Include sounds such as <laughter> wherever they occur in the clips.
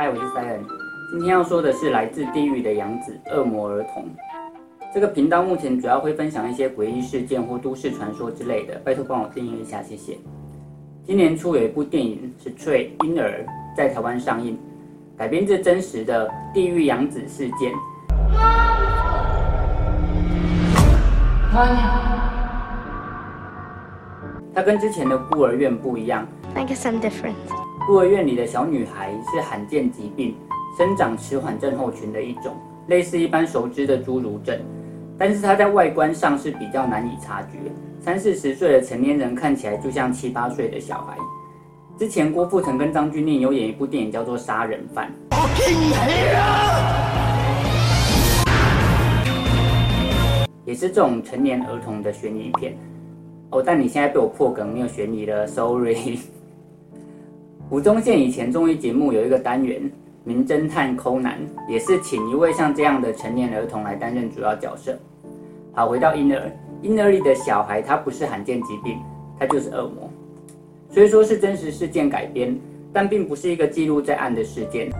嗨，Hi, 我是塞恩。今天要說的是來自地獄的養子——惡魔兒童。這個頻道目前主要會分享一些詭異事件或都市傳說之類的，拜托幫我訂閱一下，謝謝。今年初有一部電影是《Stray 陰兒》在台灣上映，改編自真實的地獄養子事件。媽媽，媽、哎、呀它跟之前的孤兒怨不一樣。I guess I'm different. 孤兒院裡的小女孩是罕見疾病生長遲緩症候群的一種，類似一般熟知的侏儒症，但是她在外觀上是比較難以察覺。三四十歲的成年人看起來就像七八歲的小孩。之前郭富城跟張鈞甯有演一部電影叫做《殺人犯》，人也是這種成年兒童的懸疑片。哦，但你現在被我破梗沒有懸疑了，sorry。吳宗憲以前綜藝節目有一個單元《名偵探柯南》，也是請一位像這樣的成年兒童來擔任主要角色。好，回到陰兒，陰兒裡的小孩他不是罕見疾病，他就是惡魔。雖說是真實事件改編，但並不是一個記錄在案的事件。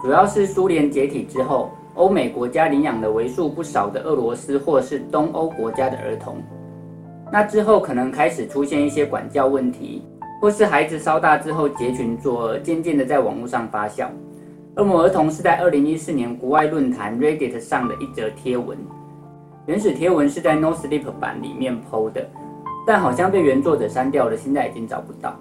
主要是蘇聯解體之後，歐美國家領養的為數不少的俄羅斯或是東歐國家的兒童。那之後可能開始出現一些管教問題，或是孩子稍大之後結群作惡，漸漸的在網絡上發酵。惡魔兒童是在二零一四年國外論壇 Reddit 上的一則貼文，原始貼文是在 No Sleep 版裡面 PO 的，但好像被原作者刪掉了，現在已經找不到。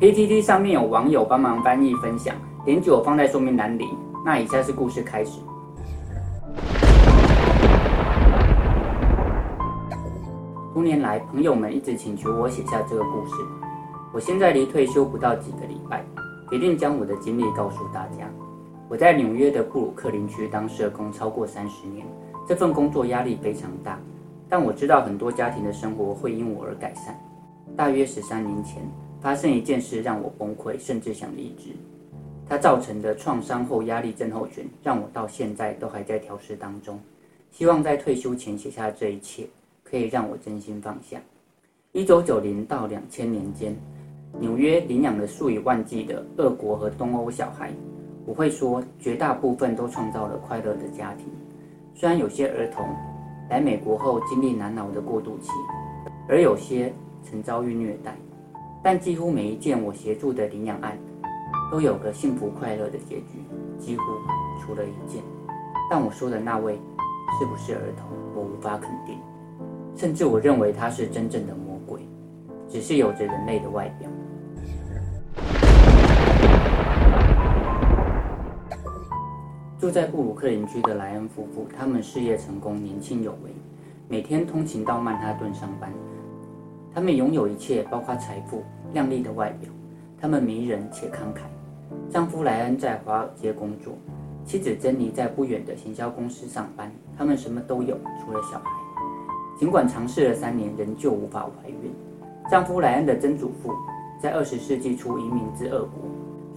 PTT 上面有網友幫忙翻譯分享，點擊我放在說明欄裡。那以下是故事開始。多年來，朋友們一直請求我寫下這個故事。我現在離退休不到幾個禮拜，決定將我的經歷告訴大家。我在紐約的布魯克林區當社工超過三十年，這份工作壓力非常大。但我知道很多家庭的生活會因我而改善。大約十三年前，發生一件事讓我崩潰，甚至想離職。它造成的創傷後壓力症候群讓我到現在都還在調適當中。希望在退休前寫下這一切。可以讓我真心放下。一九九零到兩千年間，紐約領養了數以萬計的俄國和東歐小孩。我會說，絕大部分都創造了快樂的家庭。雖然有些兒童來美國後經歷難熬的過渡期，而有些曾遭遇虐待，但幾乎每一件我協助的領養案都有個幸福快樂的結局，幾乎除了一件。但我說的那位是不是兒童，我無法肯定。甚至我認為他是真正的魔鬼，只是有着人類的外表。住在布魯克林區的萊恩夫婦，他們事業成功，年輕有為，每天通勤到曼哈頓上班。他們擁有一切，包括財富、靚麗的外表。他們迷人且慷慨。丈夫萊恩在華爾街工作，妻子珍妮在不遠的行銷公司上班。他們什麼都有，除了小孩。儘管嘗試了三年，仍舊無法懷孕。丈夫萊恩的曾祖父在二十世紀初移民至俄國，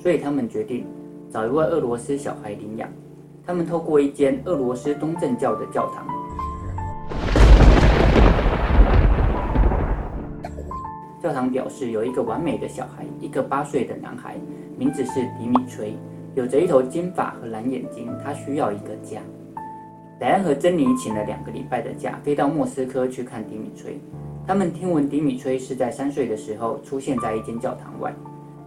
所以他們決定找一位俄羅斯小孩領養。他們透過一間俄羅斯東正教的教堂，教堂表示有一個完美的小孩，一個八歲的男孩，名字是迪米崔，有着一頭金髮和藍眼睛，他需要一個家。萊恩和珍妮請了兩個禮拜的假，飛到莫斯科去看迪米崔。他們聽聞迪米崔是在三歲的時候出現在一間教堂外，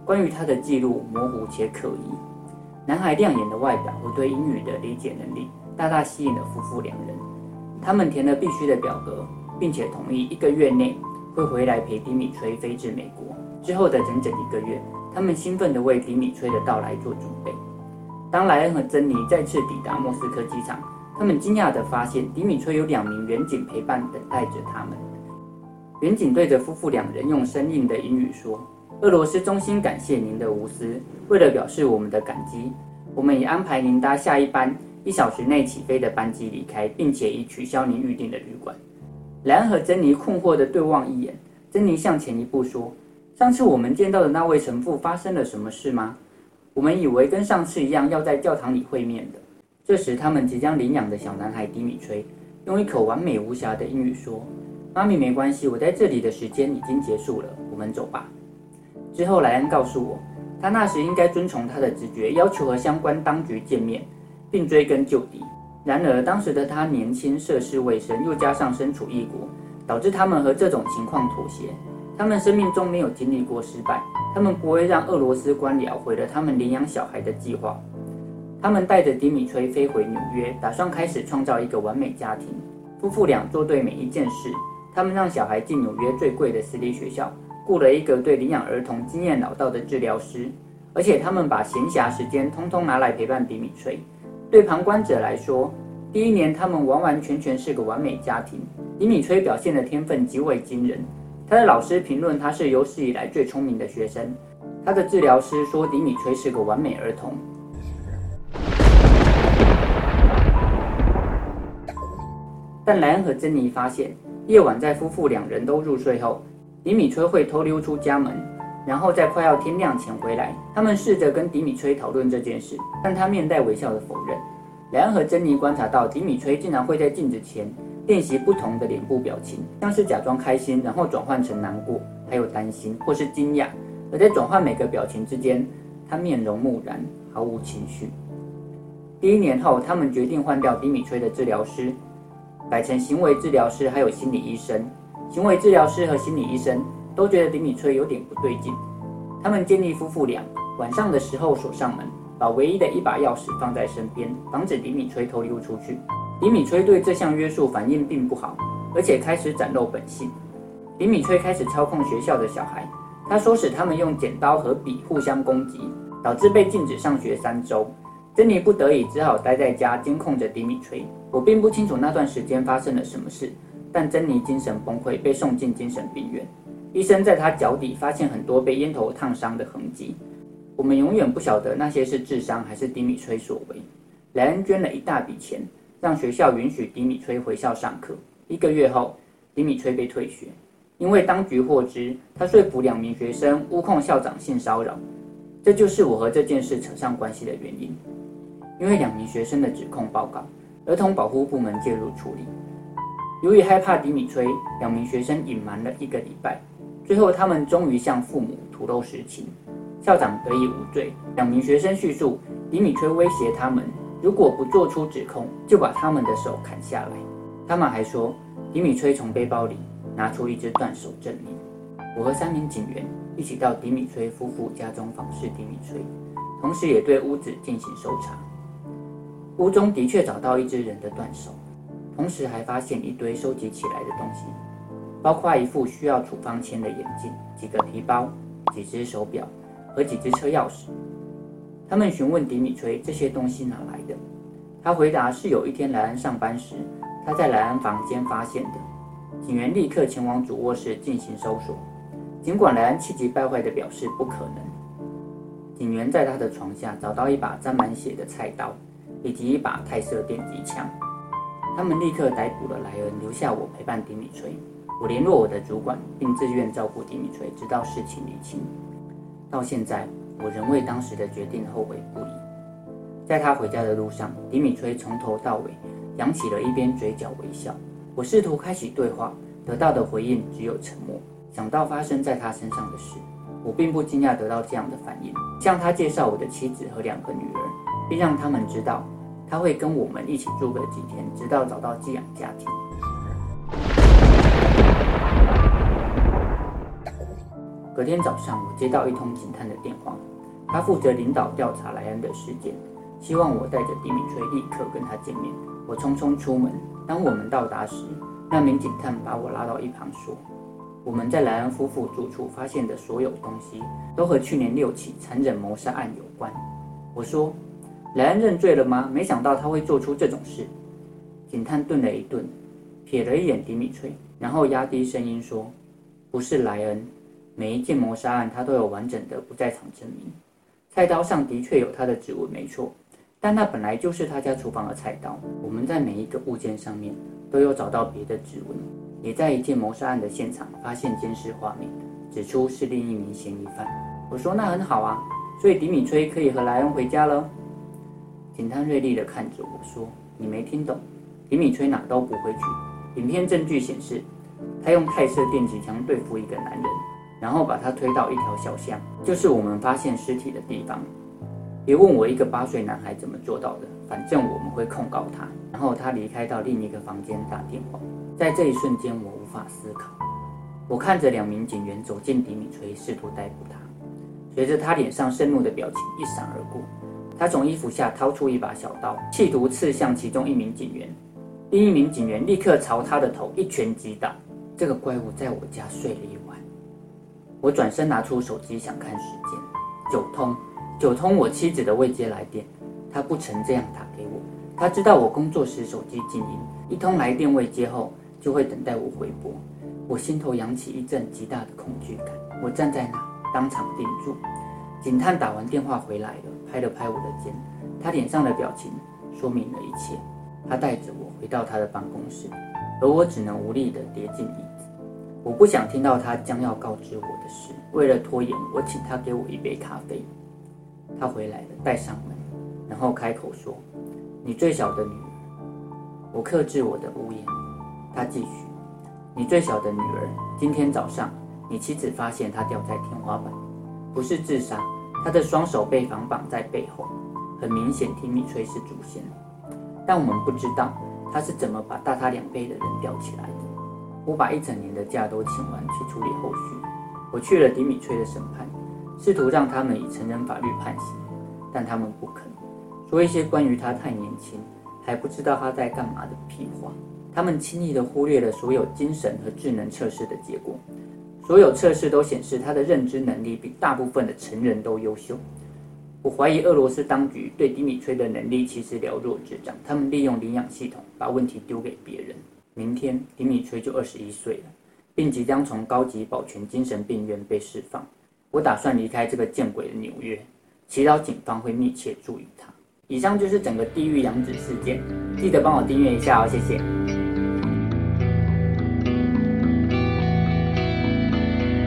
關於他的記錄模糊且可疑。男孩亮眼的外表和對英語的理解能力大大吸引了夫婦兩人。他們填了必須的表格，並且同意一個月內會回來陪迪米崔飛至美國。之後的整整一個月，他們興奮地為迪米崔的到來做準備。當萊恩和珍妮再次抵達莫斯科機場，他們驚訝地發現，迪米崔有兩名員警陪伴，等待着他們。員警對着夫婦兩人用生硬的英語說：“俄羅斯衷心感謝您的無私。為了表示我們的感激，我們已安排您搭下一班一小時內起飛的班機離開，並且已取消您預定的旅館。”萊恩和珍妮困惑地對望一眼，珍妮向前一步說：“上次我們見到的那位神父發生了什麼事嗎？我們以為跟上次一樣，要在教堂裡會面的。”這時，他們即將領養的小男孩迪米崔用一口完美無瑕的英語說：“媽咪，沒關係，我在這裡的時間已經結束了，我們走吧。”之後，萊恩告訴我，他那時應該遵從他的直覺，要求和相關當局見面，並追根究底。然而，當時的他年輕涉世未深，又加上身處異國，導致他們和這種情況妥協。他們生命中沒有經歷過失敗，他們不會讓俄羅斯官僚毀了他們領養小孩的計劃。他們帶着迪米崔飛回紐約，打算開始創造一個完美家庭。夫婦倆做對每一件事，他們讓小孩進紐約最貴的私立學校，僱了一個對領養兒童經驗老道的治療師，而且他們把閒暇時間通通拿來陪伴迪米崔。對旁觀者來說，第一年他們完完全全是個完美家庭。迪米崔表現的天分極為驚人，他的老師評論他是有史以來最聰明的學生，他的治療師說迪米崔是個完美兒童。但萊恩和珍妮發現，夜晚在夫婦兩人都入睡後，迪米崔會偷溜出家門，然後在快要天亮前回來。他們試着跟迪米崔討論這件事，但他面帶微笑的否認。萊恩和珍妮觀察到，迪米崔竟然會在鏡子前練習不同的臉部表情，像是假裝開心，然後轉換成難過，還有擔心或是驚訝。而在轉換每個表情之間，他面容木然，毫無情緒。第一年後，他們決定換掉迪米崔的治療師。改成行為治療師還有心理醫生，行為治療師和心理醫生都覺得李敏崔有點不對勁。他們建議夫婦倆晚上的時候鎖上門，把唯一的一把鑰匙放在身邊，防止李敏崔偷溜出去。李敏崔對這項約束反應並不好，而且開始展露本性。李敏崔開始操控學校的小孩，他唆使他們用剪刀和筆互相攻擊，導致被禁止上學三週。珍妮不得已只好待在家監控着迪米崔。我並不清楚那段時間發生了什麼事，但珍妮精神崩潰，被送進精神病院。醫生在她腳底發現很多被菸頭燙傷的痕跡。我們永遠不曉得那些是自傷還是迪米崔所為。萊恩捐了一大筆錢，讓學校允許迪米崔回校上課。一個月後，迪米崔被退學，因為當局獲知他說服兩名學生誣控校長性騷擾。這就是我和這件事扯上關係的原因，因為兩名學生的指控報告，兒童保護部門介入處理。由於害怕迪米崔，兩名學生隱瞞了一個禮拜，最後他們終於向父母吐露實情。校長得以無罪。兩名學生敘述，迪米崔威脅他們，如果不做出指控，就把他們的手砍下來。他們還說，迪米崔從背包裡拿出一隻斷手證明。我和三名警員。一起到迪米崔夫婦家中訪視迪米崔，同時也對屋子進行搜查。屋中的確找到一隻人的斷手，同時還發現一堆收集起來的東西，包括一副需要處方籤的眼鏡、幾個皮包、幾隻手錶和幾隻車鑰匙。他們詢問迪米崔這些東西哪來的，他回答是有一天萊恩上班時，他在萊恩房間發現的。警員立刻前往主臥室進行搜索。儘管萊恩氣急敗壞地表示不可能，警員在他的床下找到一把沾滿血的菜刀，以及一把泰瑟電擊槍。他們立刻逮捕了萊恩，留下我陪伴迪米崔。我聯絡我的主管，並自願照顧迪米崔，直到事情釐清。到現在，我仍為當時的決定後悔不已。在他回家的路上，迪米崔從頭到尾揚起了一邊嘴角微笑。我試圖開啟對話，得到的回應只有沉默。想到發生在他身上的事，我並不驚訝得到這樣的反應。向他介紹我的妻子和兩個女兒，並讓他們知道他會跟我們一起住個幾天，直到找到寄養家庭。 <noise> 隔天早上，我接到一通警探的電話，他負責領導調查萊恩的事件，希望我帶着迪米崔立刻跟他見面。我匆匆出門。當我們到達時，那名警探把我拉到一旁說。我們在萊恩夫婦住處發現的所有東西，都和去年六起殘忍謀殺案有關。我說：“萊恩認罪了嗎？”沒想到他會做出這種事。警探頓了一頓，瞥了一眼迪米崔，然後壓低聲音說：“不是萊恩，每一件謀殺案他都有完整的不在場證明。菜刀上的確有他的指紋，沒錯，但那本來就是他家廚房的菜刀。我們在每一個物件上面，都有找到別的指紋。”也在一件謀殺案的現場發現監視畫面，指出是另一名嫌疑犯。我說：“那很好啊，所以迪米崔可以和萊恩回家嘍。”警探銳利地看着我說：“你沒聽懂，迪米崔哪都不會去。影片證據顯示，他用泰瑟電擊槍對付一個男人，然後把他推到一條小巷，就是我們發現屍體的地方。別問我一個八歲男孩怎麼做到的，反正我們會控告他。然後他離開到另一個房間打電話。”在這一瞬間，我無法思考。我看着兩名警員走近迪米垂，試圖逮捕，逮捕他。隨着他臉上憤怒的表情一閃而過，他從衣服下掏出一把小刀，企圖刺向其中一名警員。另一名警員立刻朝他的頭一拳擊打。這個怪物在我家睡了一晚。我轉身拿出手機想看時間。九通，九通，我妻子的未接來電。他不曾這樣打給我。他知道我工作時手機靜音。一通來電未接後。就會等待我回撥，我心頭揚起一陣極大的恐懼感。我站在那，當場定住。警探打完電話回來了，拍了拍我的肩，他臉上的表情說明了一切。他帶着我回到他的辦公室，而我只能無力的跌進椅子。我不想聽到他將要告知我的事。為了拖延，我請他給我一杯咖啡。他回來了，帶上門，然後開口說：“你最小的女兒。”我克制我的嗚咽。他繼續：“你最小的女兒今天早上，你妻子發現她吊在天花板，不是自殺。她的雙手被綁綁在背後，很明顯，迪米崔是主嫌。但我們不知道他是怎麼把大他兩倍的人吊起來的。我把一整年的假都請完去處理後續。我去了迪米崔的審判，試圖讓他們以成人法律判刑，但他們不肯，說一些關於他太年輕，還不知道他在幹嘛的屁話。”他們輕易地忽略了所有精神和智能測試的結果，所有測試都顯示他的認知能力比大部分的成人都優秀。我懷疑俄羅斯當局對迪米崔的能力其實了若指掌，他們利用領養系統把問題丟給別人。明天迪米崔就二十一歲了，並即將從高級保全精神病院被釋放。我打算離開這個見鬼的紐約，祈禱警方會密切注意他。以上就是整個地獄養子事件，記得幫我訂閱一下哦，謝謝。